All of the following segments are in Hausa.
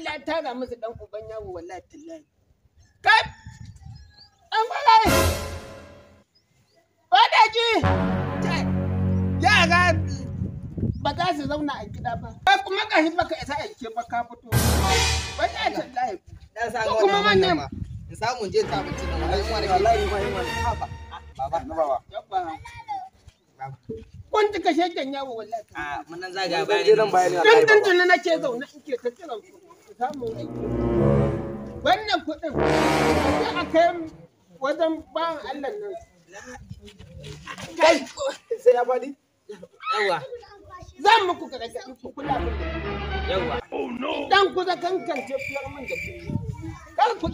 Allah ya tara musu dan uban yawo wallahi tallahi kai an fara wadaki yara ba za su zauna a gida ba kuma gashi baka isa a ba ka fito wallahi tallahi dan sa kuma manyan in samu je ta mutu da wallahi wallahi baba na baba kun ta kashe yawo wallahi ah, a bayani dan dan tunan nake zaune ke ta kiran wannan kuɗin sai a kai wajen bawan Allah nan kai sai ya bani yawa zan muku gargaɗi ku kula da yawa dan ku da fiyar min da kar ku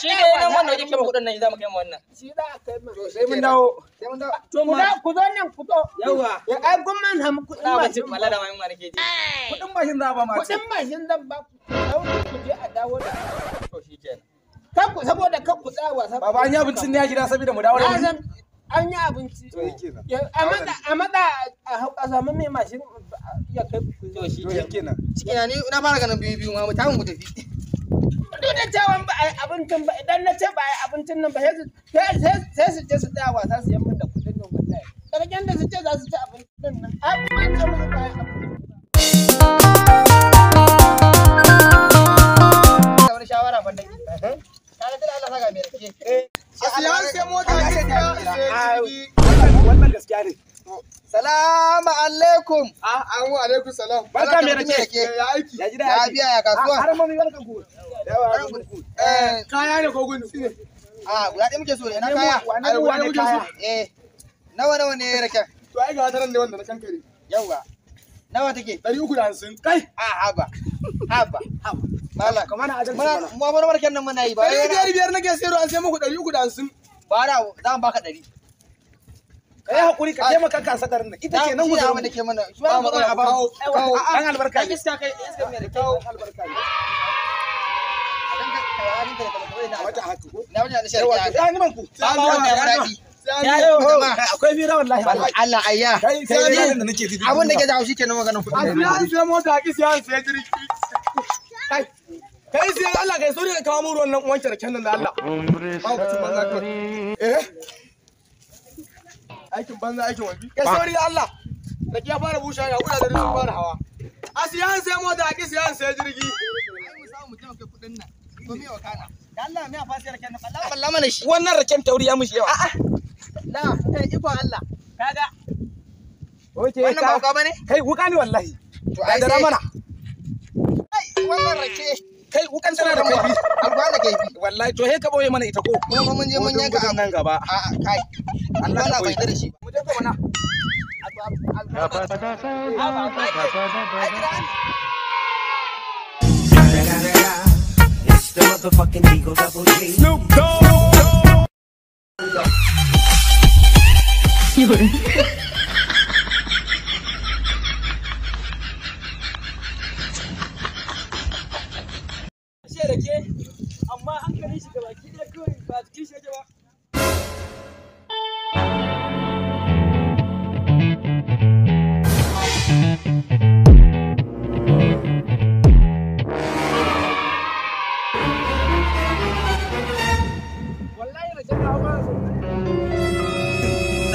shi ne yanan wannan yake mu kudin nan idan mu kai mu wannan shi da kai mu to sai mun dawo sai mun dawo to ku zo nan ku zo yawa ya ai gun man ham kudin ba shi mala da mai kudin ba shin za ma kudin ba zan ba ku dawo ku je a dawo da to shi kenan kan ku saboda kan ku tsawa baba an yi abincin ne a gida saboda mu dawo da wuri an yi abinci a matsa a samu mai mashin ya kai to shi kenan na fara ganin biyu biyu ma mu tafi mu tafi duk da cewa ba a yi abincin ba idan na ce ba a yi abincin nan ba sai su ce su tsaya wasa su yamma da kudin nan wallahi ƙarƙen da su ce za su ci abincin nan abincin musu ba yi abincin ba. da ke. ta. Eh? Eh, wannan gaskiya ne. Salamu alaikum. Ah, an ah, alaikum salam. Barka mai rake. Ya aiki. Ya gida ya biya ya kasuwa. Ah, Har mami barka ku. Yawa. Eh, eh, kaya ne ko gundu? Ah, guda ɗaya muke so ne, na kaya. Wani wani kaya. Eh. Nawa nawa ne rake? To ai ga taran ne wanda na kankare. Yawa. Nawa take? 350. Kai. Ah, haba. Haba. Haba. Mala. Kamar na ajal. Mana mu amma barkan nan muna yi ba. Ai, biyar nake sayarwa an sai muku 350. Bara za mu baka 100. ka yi hakuri ka taimaka ka sadarin nan ita ce nan gudu da ke mana ba mu ba ba an albarka ne iska kai iska mai da kawo albarka ne wata haka ko na wani shi ya ta da ke da haushi kenan maganar kuɗi abin da ya mota ki siya sai jirgi kai sai Allah kai so ne ka kawo mu ruwan nan wanke raken nan da Allah ka eh banza aikin wabi kai sauri Allah da ya fara bushe ga kuɗa da sun fara hawa a siyan sai mota a siyan sai jirgi da wannan raken tauri ya mushi yawa eh, Allah kaga wannan ba ka bane? Kai wuka ne wallahi. To ai dara mana. Kai wannan rake. kai wukan tana da kaifi da kaifi wallahi to he ka boye mana ita ko mun je mun yanka nan gaba a'a kai Allah bai da shi ko mana It's the motherfucking Eagle Double G. Snoop Dogg. You're. da ke amma hankalin shi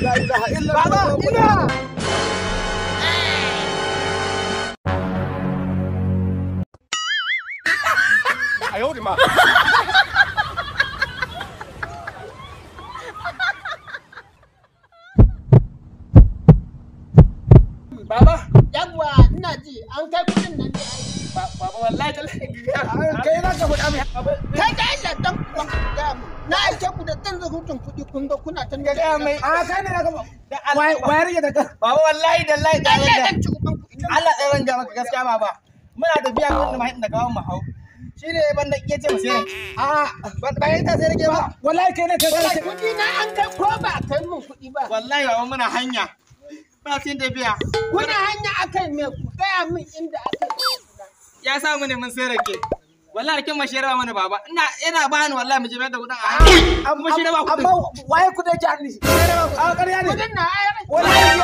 哎呦我的妈！爸爸，爸爸，我来接你。爸爸，爸爸，我来接你。哎，你哪去？我没事。这孩子真不 na aike ku da dan zahutun kuɗi kun ga kuna tan da mai a kai ne daga wai wai rage daga baba wallahi da. ga wanda Allah ya ranga maka gaskiya baba muna da mun da mai daga gawan mu hau Shi shine ban da iya ce mu sai a bayan ta sai rage ba wallahi kai ne kai wallahi kuɗi na an kai ko ba kai mun kuɗi ba wallahi ba muna hanya ba sun tafiya kuna hanya akan me ku gaya min inda aka ya sa mu ne mun sai rage wallahi kin mashi rawa mana baba ina ina ba ni wallahi miji mai da kudin a amma waye kudin ki hannu shi a ƙarya ne na wallahi